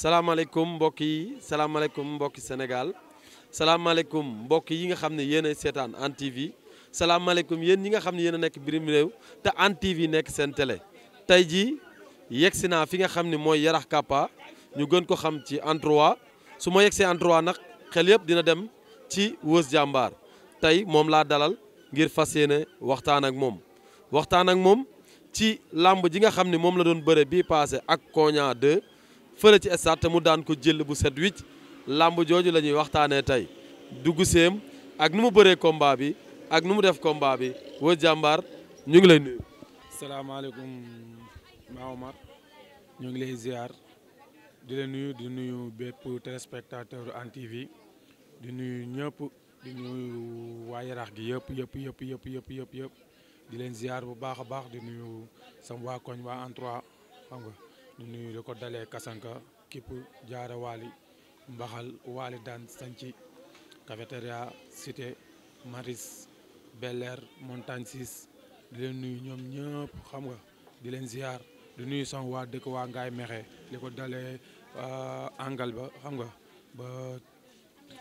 Assalamualaikum mbokk yi salaamaaleykum mbokki Sénégal salaamaaleykum mbokk yi nga xamne yene yéen a seetaan Hann TV salaamaaleykum yene ñi nga xamne yene nek birim rew te Hann TV nekk seen télé tey jii yegg fi nga xamne moy yarah kapa ñu gën ko xam ci endroit suma yexé en endroit nak xel yëpp dina dem ci Weuz jambar tay mom la dalal ngir fas waxtaan ak mom waxtaan ak mom ci lamb ji nga xamne mom la doon bëre bi paase ak Kogna 2 fële ci stade te mu daan ko jël bu set wicc làmb jooju la ñuy waxtaanee tey dugg séem ak nu mu bëree combat bi ak nu mu def combat bi wër jàmbaar ñu ngi lay nuyu. salaamaaleykum Ma Omar ñu ngi lay ziar di la nuyu di nuyu bépp téléspectateur Hann TV di nuyu ñëpp di nuyu waa Yarax gi yëpp yëpp yëpp yëpp yëpp yëpp yëpp di leen ziar bu baax a baax di nuyu sama waa koñ waa en trois du nuyu lu ko dalee Kasanka kipp jaara waali mbaxal waali daan sanci cafétéria cité maris Bel-Air montagne di leen nuy ñoom ñëpp xam nga di leen ziar du nuyu sama waa dëkk waa ngaay mexe li ko dalee euh, angal ba xam nga ba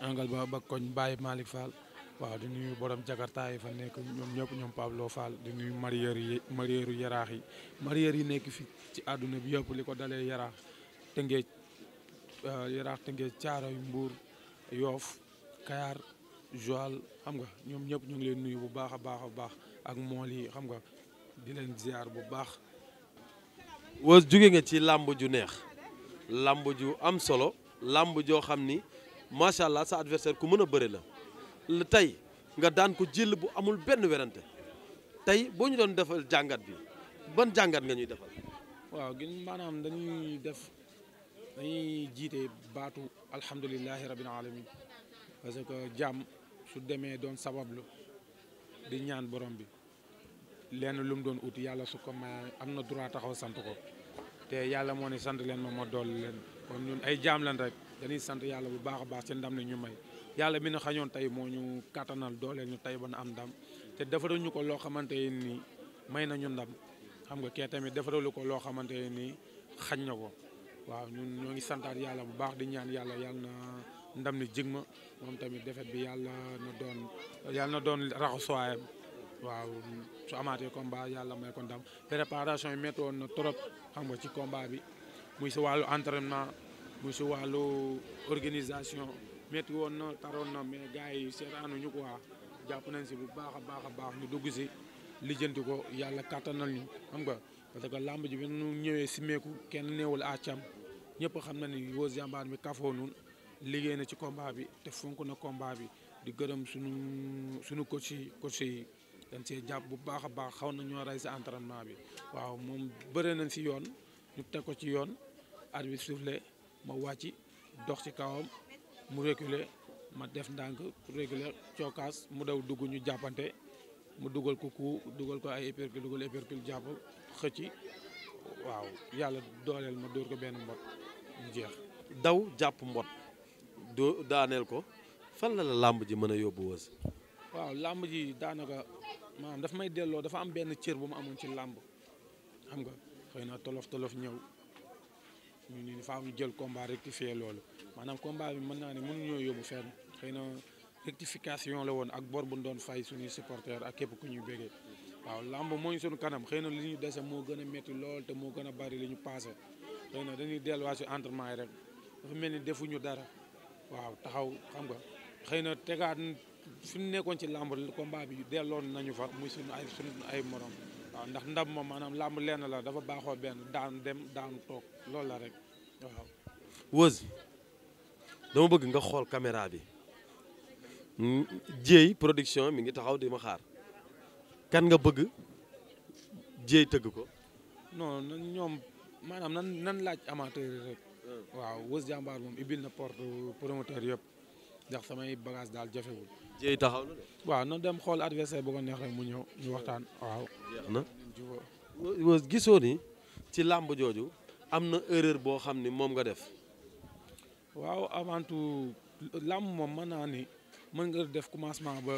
angal ba ba koñ Baye Malick Fall waaw di nuyu borom jakarta yi fa nekk ñoom ñëpp ñoom Pablo Fall di nuyu mareyeur yi mareyeur yaraax yi mareyeur yi nekk fi ci àdduna bi yëpp li ko dalee yaraax tëngee yaraax tëngee caaroy mbuur yoof kayaar joil xam nga ñoom ñëpp ñu ngi leen nuyu bu baax a baax a baax ak mool yi xam nga di leen ziar bu baax Weuz jóge nga ci làmb ju neex làmb ju am solo làmb joo xam ni macha allah sa adversaire ku mën a bëre la tey nga daan ko jël bu amul benn werante tey boo ñu doon defal jàngat bi ban jàngat nga ñuy defal. waaw gin maanaam dañuy def dañuy jiite baatu alhamdulilahi rabbil alamin parce que jàmm su demee doon sabablu di ñaan borom bi lenn lu mu doon ut yàlla su ko mayee am na droit taxaw sant ko te yàlla moo ne sant leen ma ma dool leen kon ñun ay jaam lan rek dañuy sant yàlla bu baax a baax ci ndam li ñu may. yàlla mi na xañoon tey moo ñu kàttanal doole ñu tey ba na am ndam te defaral ñu ko loo xamante nii may nañu ndam xam nga ke tamit defaralu ko loo xamante nii xañ na ko waaw ñun ñoo ngi santaat yàlla bu baax di ñaan yàlla yàlla na ndam ni jig ma moom tamit defet bi yàlla na doon yàlla na doon raxasuwaayam waaw su amaatee combat yàlla may ko ndam préparation yi métti woon na trop xam nga ci komba bi muy si wàllu entraînement muy si wàllu organisation métti na taroon na mais gars yi seetaanuñu quoi jàpp nañ si bu baax a baax a baax ñu dugg si lijjanti ko yàlla kàttanal ñu xam nga parce que làmb ji bi ñu ñëwee simeeku kenn néewul àccam ñëpp xam na ni Weuz Diambar bi kafoo liggéey na ci combat bi te fonk na combat bi di gërëm suñu suñu coach yi coach yi dañ see jàpp bu baax a baax xaw na ñoo rey si entraînement bi waaw moom bëre nañ si yoon ñu teg ko ci yoon arbitre soufflé ma wàcc dox ci kawam mu reculer ma def ndànk reculer cookaas mu daw dugg ñu jàppante mu dugal ko ku dugal ko ay épercule dugal épercule jàpp xëcc waaw yàlla dooleel ma dóor ko benn mbot mu jeex. daw jàpp mbot. doo daaneel ko fan la la làmb ji mën a yóbbu Weuz. waaw làmb ji daanaka maanaam daf may delloo dafa am benn cër bu ma amoon ci làmb xam nga xëy na tolof tolof ñëw. ñu ne faaw ñu jël combat rectifier loolu maanaam combat bi mën naa ne mënuñoo yóbbu fenn xëy na rectification la woon ak bor bu doon fay suñuy supporters ak képp ku ñuy bégee waaw lamb mooy suñu kanam xëy na li ñu dese moo gën a métti lool te moo gën a bari li ñu passé xëy na dañuy delluwaat si entraînement yi rek dafa mel ni defuñu dara waaw taxaw xam nga xëy na tegaat fi mu nekkoon ci lamb combat bi delloon nañu fa muy suñu ay suñu ay morom. waaw ndax ndab moom maanaam làmb lenn la dafa baaxoo benn daan dem daan toog loolu la rek waaw. Weuzi dama bëgg nga xool caméra bi jéey production mi ngi taxaw di ma xaar kan nga bëgg jéey tëgg ko. non ñoom maanaam nan nan laaj amateur yi rek. Hmm. waaw wos Diambar moom ibil na porte promoteur yëpp ndax samay bagage daal jafewul. jéey taxaw na waaw noonu dem xool adversaire boo ko neex rek mu ñëw ñu waxtaan waaw. jeex na gisoo ni ci làmb jooju am na erreur boo xam ni moom nga def. waaw avant tout làmb moom mën naa ni mën nga def commencement ba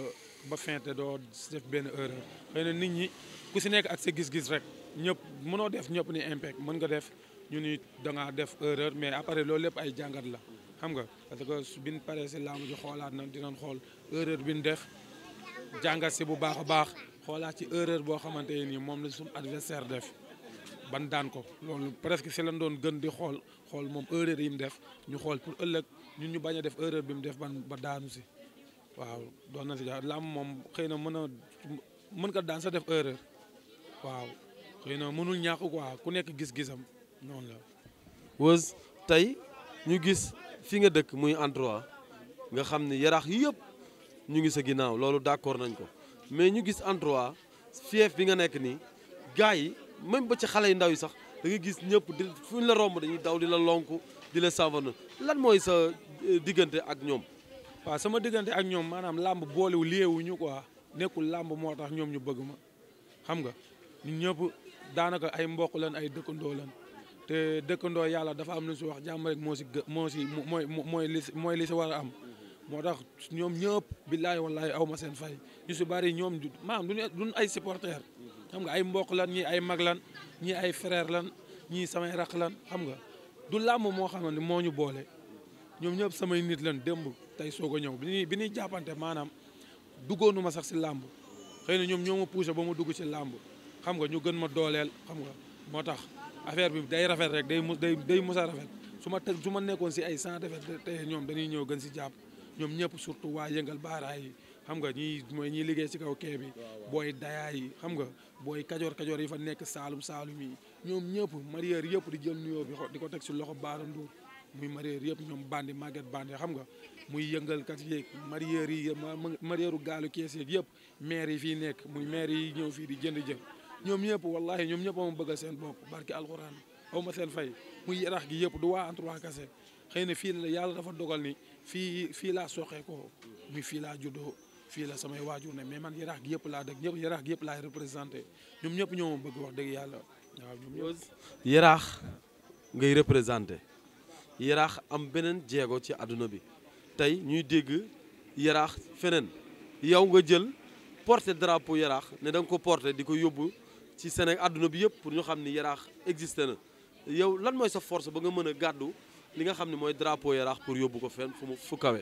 ba fin te doo def benn erreur xëy nit ñi ku si nekk ak sa gis-gis rek ñëpp mënoo def ñëpp ni impact mën nga def ñu ni da ngaa def erreur mais après loolu lépp ay jàngat la. xam nga parce que biñ paree si làmb ji xoolaat na dinañ xool erreur bi nu def jàngat si bu baax a baax xoolaat ci erreur boo xamante ne nii moom la suñu adversaire def ban daan ko loolu presque si lan doon gën di xool xool moom erreur yi mu def ñu xool pour ëllëg ñun ñu bañ a def erreur bi mu def ban ba daanu si waaw doon na si jaar lam moom xëy na mën a mën ko daan sa def erreur waaw xëy na mënul ñàkk quoi ku nekk gis-gisam noonu la. Weuz tey ñu gis. fi nga dëkk muy endroit nga xam ne yaraax yëpp ñu ngi sa ginnaaw loolu d'accord nañ ko mais ñu gis endroit fief bi nga nekk nii gars yi même ba ci xale yu ndaw yi sax da gis ñëpp di fu ñu la romb dañuy daw di la lonk di la savane lan mooy sa euh, diggante ak ñoom. waaw sama diggante ak ñoom maanaam làmb boolewu liyewuñu ñu quoi nekkul làmb moo tax ñoom ñu bëgg ma xam nga ñun ñëpp daanaka ay mboq lan ay dëkkandoo lan te dëkkandoo yàlla dafa am lu si wax jàmm rek moo si moo si mooy mooy li si mooy li si war a am. moo tax ñoom ñëpp billaay wallaay aw ma seen fay ñu si bari ñoom maam du duñ ay supporters. xam nga ay mbokk lan ñii ay mag lan ñii ay frère lan ñii samay rax lan xam nga du làmb moo xamante moo ñu boole. ñoom ñëpp samay nit lan démb tey soog a ñëw bi ñuy bi ñuy jàppante maanaam duggoonu sax si làmb xëy na ñoom ñoo ma poussé ba ma dugg si làmb xam nga ñu gën ma dooleel xam nga moo tax. affaire bi day rafet rek day mu day day mus rafet su ma te su ma nekkoon si ay sans defet tey ñoom dañuy ñëw gën si jàpp ñoom ñëpp surtout waa yëngal baaraay yi xam nga ñi mooy ñiy liggéey si kaw kee bi booy dayaa yi xam nga booy kajoor kajoor yi fa nekk saalum saalum yi ñoom ñëpp marieur yëpp di jël nuyoo bi di ko teg si loxo Bara Ndour muy marieur yëpp ñoom bandi màgget bandi xam nga muy yëngalkat yeeg marieur yi marieur u gaalu kees yeeg yëpp maire yi fii nekk muy maire yi ñëw fii di jënd jënd ñoom ñëpp wallahi ñoom ñëpp ama bëgg seen bopp barki alxuraan aw ma seen fay muy yëpp du waa Hann Trois xëy na fii la yàlla dafa dogal ni fii fii laa soxee ko muy fii laa juddoo fii la samay waajur ne mais man yarax gi yëpp laa dëkk ñëpp yarax gi yëpp représenté ñoom ñëpp ñoo ma bëgg wax dëgg yàlla waaw ñoom ñëpp yarax ngay représenté yaraax am beneen jéego ci àdduna bi tey ñuy dégg yaraax feneen yow nga jël porte drapo yaraax ne da ko porte di ko yóbbu ci Sénégal àdduna bi yëpp pour ñu xam ni yaraax existé na yow lan mooy sa force ba nga mën a gàddu li nga xam ne mooy drapeau yaraax pour yóbbu ko fenn fu mu fu kawe.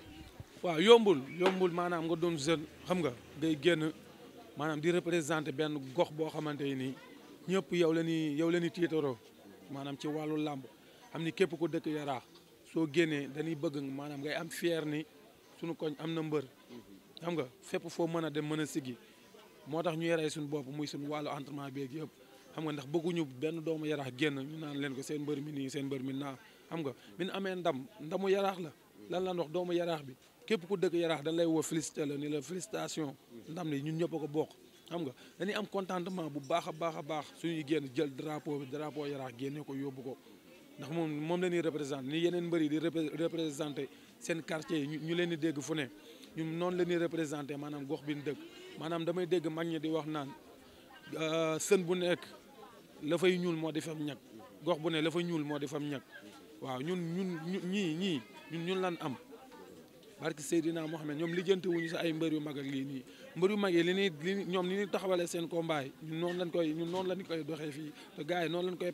waaw yombul yombul maanaam nga doon jeune xam nga ngay génn maanaam di représenté benn gox boo xamante ni ñëpp yow la ñuy yow la ñuy tiitaroo maanaam ci wàllu làmb am ni képp ko dëkk yaraax soo génnee dañuy bëgg maanaam ngay am fier ni sunu koñ am na mbër xam nga fépp foo mën a dem mën a siggi moo tax ñu yaree suñu bopp muy suñu wàllu entraînement beeg yëpp xam nga ndax bëgguñu benn doomu yaraax génn ñu naan leen ko seen mbër mi nii seen mbër mi naa xam nga bi ñu amee ndam ndamu yaraax la lan la ndox doomu yaraax bi képp ku dëkk yaraax dañ lay woo félicité la ni la félicitation ndam li ñun ñëpp ko bokk xam nga dañuy am contentement bu baax a baax a baax suñuy génn jël drapeau bi drapeau yaraax génne ko yóbbu ko ndax moom moom la ñuy représenté ni yeneen mbër yi di représenté seen quartier yi ñu leen di dégg fu ne ñun noonu la ñuy représenté maanaam gox bi dëkk manam damay dégg mag ñi di wax naan euh, sën bu nekk la fay ñuul moo di fam gox bu ne la fay ñuul moo di fam waaw ñun ñun ñi ñii ñun ñun lan am barki sayidina mohammed ñoom lijjante sa ay mbër yu mag ak lii nii mbër yu mag li ni ni seen combat ñun lañ koy ñun lañ koy te lañ koy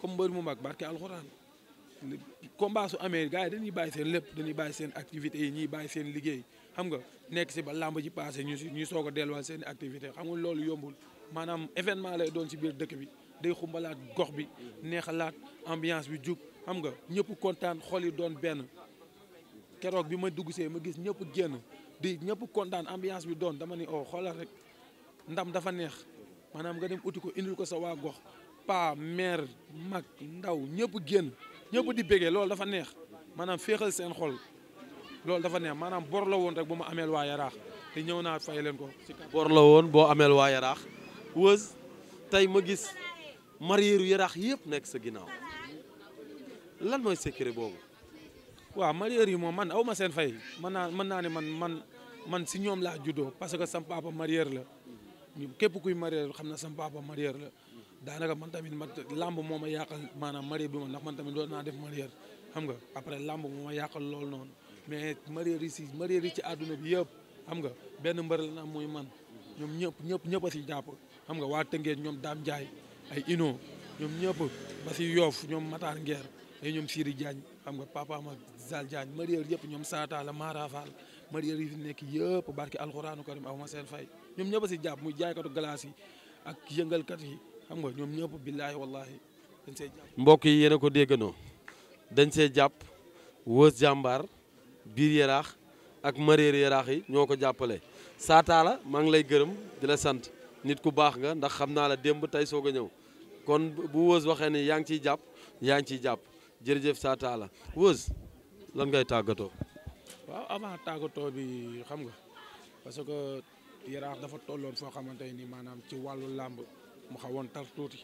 comme mbër mu mag combat su amee gars dañuy seen lépp dañuy seen activités yi seen liggéey xam nga nekk si ba làmb ji passé ñu si ñu soog a delluwaat seen activité xam loolu yombul maanaam événement lay doon ci biir dëkk bi day xumbalaat gox bi neexalaat ambiance bi jub xam nga ñëpp kontaan xol yi doon benn keroog bi ma dugg see ma gis ñëpp génn di ñëpp kontaan ambiance bi doon dama ni oh xoolal rek ndam dafa neex maanaam nga dem uti ko indil ko sa gox pa mère mag ndaw ñëpp génn ñëpp di bégee loolu dafa neex maanaam féexal seen xol loolu dafa neex maanaam bor la woon rek bu ma ameel waa yaraax te ñëw naa fay leen ko. bor la woon boo ameel waa yaraax Weuz tey ma gis marieeru yaraax yëpp nekk sa ginnaaw lan mooy secret boobu. waaw marieer yi moom man aw ma seen fay mën naa mën naa ne man man man si ñoom laa juddoo parce que sam papa marieer la képp kuy marieer xam na sam papa marieer la daanaka man tamit ma làmb moo ma yàqal maanaam marieer bi ma ndax man tamit doon naa def marieer nga après làmb moo yàqal loolu noonu. mais mareyeur yi si mareyeur yi ci àdduna bi yëpp xam nga benn mbër la na am muy man ñoom ñëpp ñëpp ñëpp a si jàpp xam nga waa Tëngéej ñoom Dame jaay ay Ino ñoom ñëpp ba si Yoff ñoom Matar Nguer ay ñoom Siri Diagne xam nga papa ma Zal Diagne mareyeur yëpp ñoom Saata la Mara yi fi nekk yëpp barke alxuraanu karim aw ma seen fay ñoom ñëpp a si jàpp muy jaaykatu glace yi ak yëngalkat yi xam nga ñoom ñëpp billaahi wallaahi dañ see jàpp mbokk yi yéen ko déggandoo dañ see jàpp wës jàmbaar biir yaraax ak maréer yaraax yi ñoo ko jàppale saataala maa ngi lay gërëm di la sant nit ku baax nga ndax xam naa la démb tey soog a ñëw kon bu wës waxee ni yaa ngi ciy jàpp yaa ngi ciy jàpp jërëjëf saataala wës lan ngay tàggatoo waaw avant tàggatoo bi xam nga parce que yaraax dafa tolloon foo xamante nii maanaam ci wàllu làmb mu xawoon tar tuuti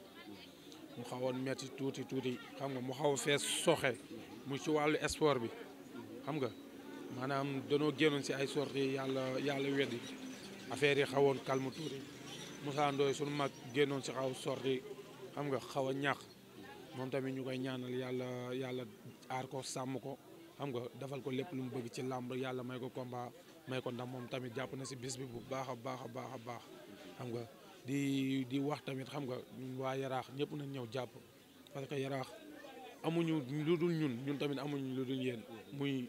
mu xawoon metti tuuti tuuti xam nga mu xaw a fees soxe mu ci wàllu sport bi xam nga maanaam danoo génnoon si ay sorties yàlla yàlla weddi affaire yi xawoon calme tuuti Moussa Ndoye sunu mag génnoon si xaw sorti xam nga xaw a ñax moom tamit ñu koy ñaanal yàlla yàlla aar ko sàmm ko xam nga defal ko lépp lu mu bëgg ci làmb yàlla may ko combat may ko ndam moom tamit jàpp na si bis bi bu baax a baax a baax a baax xam nga di di wax tamit xam nga ñun waa yaraax ñëpp nañ ñëw jàpp parce que yaraax amuñu lu dul ñun ñun tamit amuñu lu dul yéen muy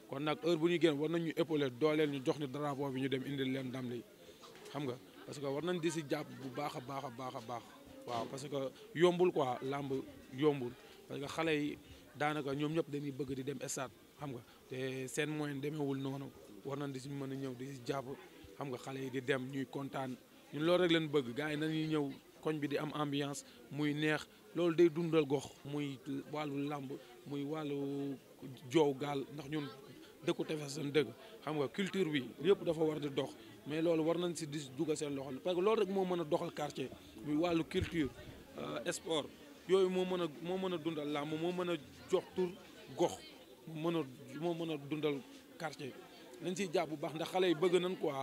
kon nag heure bu ñuy génn war nañu ñu épauler dooleel ñu jox ñu drapeau bi ñu dem indil leen ndam li xam nga parce que war nañ di si jàpp bu baax a baax a baax a baax waaw parce que yombul quoi làmb yombul parce que xale yi daanaka ñoom ñëpp dañuy bëgg di dem stade xam nga te seen moyen demeewul noonu war nañ di si mën a ñëw di si jàpp xam nga xale yi di dem ñuy kontaan ñun loolu rek leen bëgg gars yi nañuy ñëw koñ bi di am ambiance muy neex loolu day dundal gox muy wàllu làmb muy wàllu joow gaal ndax ñun dëkku tefes seen dëgg xam nga culture wi yëpp dafa war di dox mais loolu war nañ si di dugal seen loxo parce que loolu rek moo mën a doxal quartier muy wàllu culture euh, sport yooyu moo mën a moo mën a dundal làmb moo mën a jox tur gox moo mën a mën a dundal quartier nañ siy jàpp bu baax ndax xale yi bëgg nañ quoi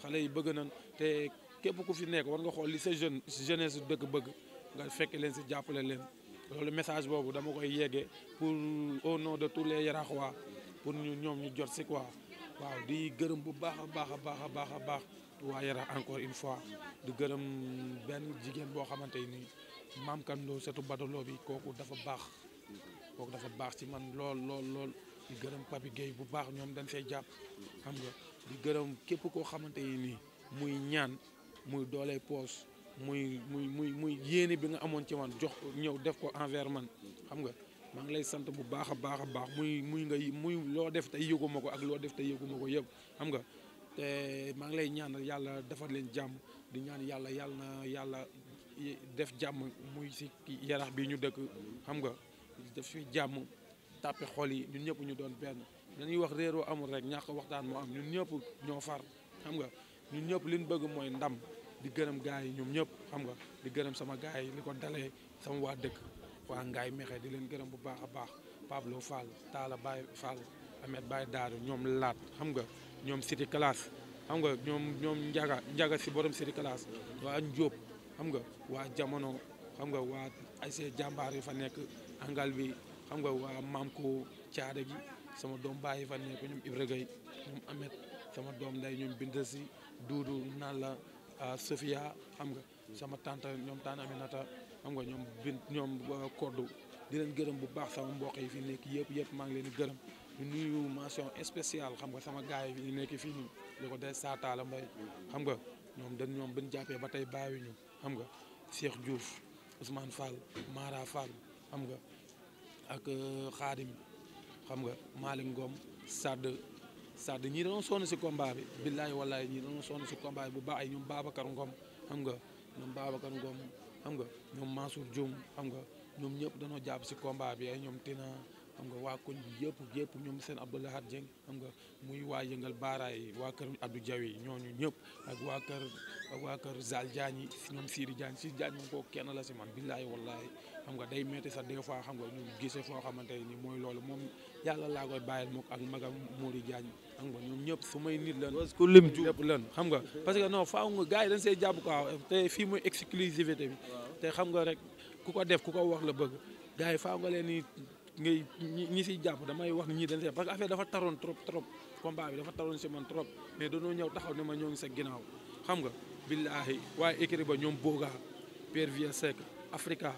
xale yi bëgg nañ te képp ku fi nekk war nga xool li sa jeune jeunesse dëkk bëgg nga fekk leen si jàppale leen loolu message boobu dama koy yeggee pour au nom de tous les Yarakhois pour ñu ñoom ñu jot si quoi waaw di gërëm bu baax a baax a baax a baax a baax waa Yarax encore une fois di gërëm benn jigéen boo xamante ni maam kan loo setu badaloo bi kooku dafa baax kooku dafa baax ci man lool lool lool di gërëm Papi bu baax ñoom dañ fay jàpp xam nga di gërëm képp koo xamante yi nii muy ñaan muy doole poos muy muy muy muy yéene bi nga amoon ci man jox ko ñëw def ko envers man xam nga maa ngi lay sant bu baax a baax a baax muy muy nga muy loo def te yëguma ko ak loo def te yëguma ko yëpp xam nga te maa ngi lay ñaan yàlla defal leen jàmm di ñaan yàlla yàlla na yàlla def jàmm muy si yarax bi ñu dëkk xam nga def fi jàmm tàppe xol yi ñun ñëpp ñu doon benn dañuy wax réeroo amul rek ñàkk waxtaan moo am ñun ñëpp ñoo far xam nga ñun ñëpp liñ bëgg mooy ndam di gërëm gars yi ñoom ñëpp xam nga di gërëm sama gars yi li ko dale sama waa dëkk waa Ngaye Mékhé di leen gërëm bu baax a baax Pablo Fall Talla baay Fall Ahmed Baye Daaru ñoom laat xam nga ñoom City Class xam nga ñoom ñoom Njaga Njaga si borom City Class waa Njóob xam nga waa jamono xam nga waa ay see jàmbaar yi fa nekk angal bi xam nga waa maam ko caada gi sama doom baay yi fa nekk ñoom Ibra ñoom Ahmed sama doom nday ñoom bind si duudu naan la Ah, Sofia xam nga sama tante ñoom tante Aminata xam nga ñoom bin ñoom euh, di leen gërëm bu baax sama mbokk yi fi nekk yépp yépp maa ngi leen di gërëm di nuyu mention spéciale xam nga sama gars yi nekk fii nii di ko dee Saataala Mbaye xam nga ñoom dañ ñoom bañ jàppee ba tey bàyyiwuñu xam nga Cheikh Diouf Ousmane Fall Mara Fall xam nga ak euh, Khadim xam nga Malick Ngom Sadd c'est-à-dire ñii dañoo si combat bi billaay wallaay ñii dañoo sonn si combat bi bu baax ay ñoom Babacar Ngom am nga ñoom Babacar Ngom xam nga ñoom Mansour Dioum xam nga ñoom ñëpp dañoo jàpp si combat bi ay ñoom Tina xam nga waa koñ bi yëpp yëpp ñoom seen Abdoulahat Dieng xam nga muy waa yëngal baaraay waa kër Abdou Diaw ñooñu ñëpp ak waa kër waa kër Zal Diagne yi ñoom Siri Diagne si Diagne moom kooku kenn la si man billaahi wallaahi xam nga day metti sax des xam nga ni mooy loolu moom yàlla laa koy bàyyil mook ak ñoom ñëpp su may nit lan ku lim ju lépp lan xam nga parce que non faaw nga gars yi see jàpp ko te fii mooy exclusivité bi te xam nga rek ku ko def ku ko wax la bëgg gars faaw nga leen ngay ñi siy jàpp damay wax ni ñii dañ see parce que affaire dafa taroon trop trop combat bi dafa taroon si man trop mais dañoo ñëw taxaw ne ma ñoo ngi sa ginnaaw xam nga billaahi waaye écrit ba ñoom boogaa Pierre Vieux Seck Africa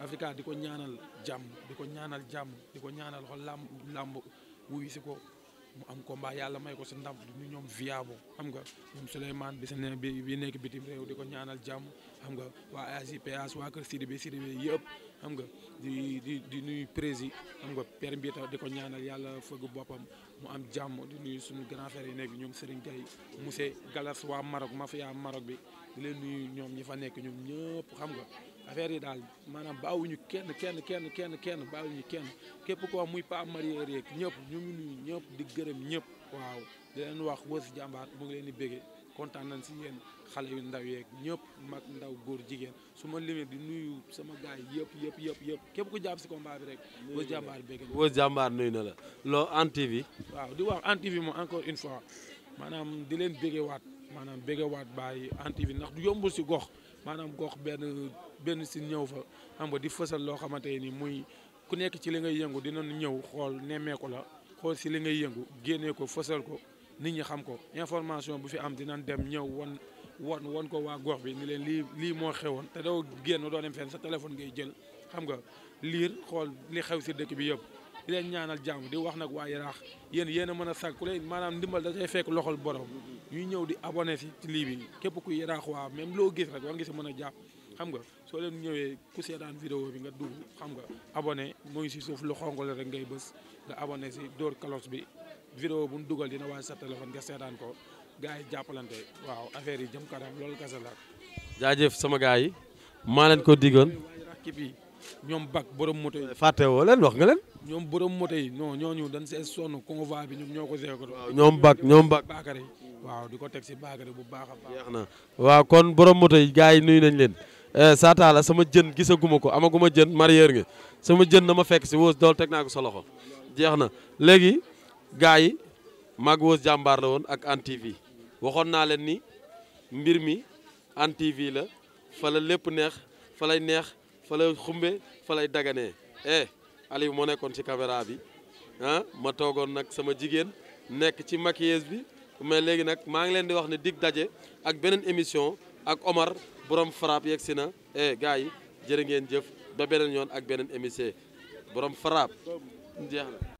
Africa di ko ñaanal jàmm di ko ñaanal jàmm di ko ñaanal xol làmb làmb wuyu si ko mu am combat yàlla may ko si ndam ñu ñoom viabo xam nga ñoom Souleymane bi sa ne bi bi nekk bitim réew di ko ñaanal jàmm xam nga waa AJPH waa kër Sidibé Sidibé yëpp xam nga di di di nuyu prési xam nga père Mbita di ko ñaanal yàlla fëgg boppam mu am jàmm di nuyu suñu grand frère yi nekk ñoom Serigne Gueye monsieur Galas waa ma mafia Maroc bi di leen nuyu ñoom ñi fa nekk ñoom ñëpp xam nga affaire yi daal kenn kenn kenn kenn kenn bawuñu kenn kep ko muy pas marié rek ñëpp ñu ñu nuyu di gërëm ñëpp waaw di leen wax Weuz de mu ngi leen di nañ ci yeen xalé yu ndaw mak ndaw goor jigen suma di nuyu sama gaay combat bi rek nuyu na la TV waaw di wax encore une fois manam di leen waat manam waat maanaam gox benn benn si ñëw fa xam nga di fësal loo xamante nii muy ku nekk ci li ngay yëngu dinañ ñëw xool nemmeeku la xool si li ngay yëngu génnee ko fësal ko nit ñi xam ko information bu fi am dinañ dem ñëw wan wan wan ko waa gox bi ni leen lii lii moo xewoon te doo génn doo dem fenn sa téléphone ngay jël xam nga liir xool li xew si dëkk bi yëpp di leen ñaanal jàmm di wax nag waa Yaraax yéen yéen a mën a sàkkule maanaam ndimbal dafay fekk loxol borom ñuy ñëw di abonné si ci lii bi képp ku Yaraax waa même loo gis rek war nga si mën a jàpp xam nga soo leen ñëwee ku seetaan vidéo bi nga dugg xam nga abonné ngi si suuf lu xonk la rek ngay bës nga abonné si dóor cloche bi vidéo bu ñu dugal dina waaj sa téléphone nga seetaan ko gars yi jàppalante waaw affaire yi jëm kanam loolu kese la. jaajëf sama gars yi maa leen ko diggoon. ñoom bak borom moto yi. fàttewoo leen wax nga leen. ñoom borom moto yi non ñooñu dañ see sonn convoi bi ñoom ñoo ko seeko. waaw ñoom bak ñoom bak Bakary waaw di ko teg si Bakary bu baax a baax. na waaw kon borom moto yi gaa yi nuyu nañ leen. Eh, saataala sama jën gisaguma ko amaguma jën marier nga sama jën dama fekk si wóos dool teg naa ko sa jeex na léegi gars yi mag wóos jàmbaar la woon ak Hann TV waxoon naa leen ni mbir mi Hann TV la fa la lépp neex fa lay neex. fa lay xumbe fa lay daganee eh Aliou moo nekkoon ci caméra bi ah ma toogoon nag sama jigéen nekk ci maquillage bi mais léegi nag maa ngi leen di wax ne dig daje ak beneen émission ak Omar borom Frapp yegg si na e gars yi jër ngeen jëf ba beneen yoon ak beneen émission borom Frapp na.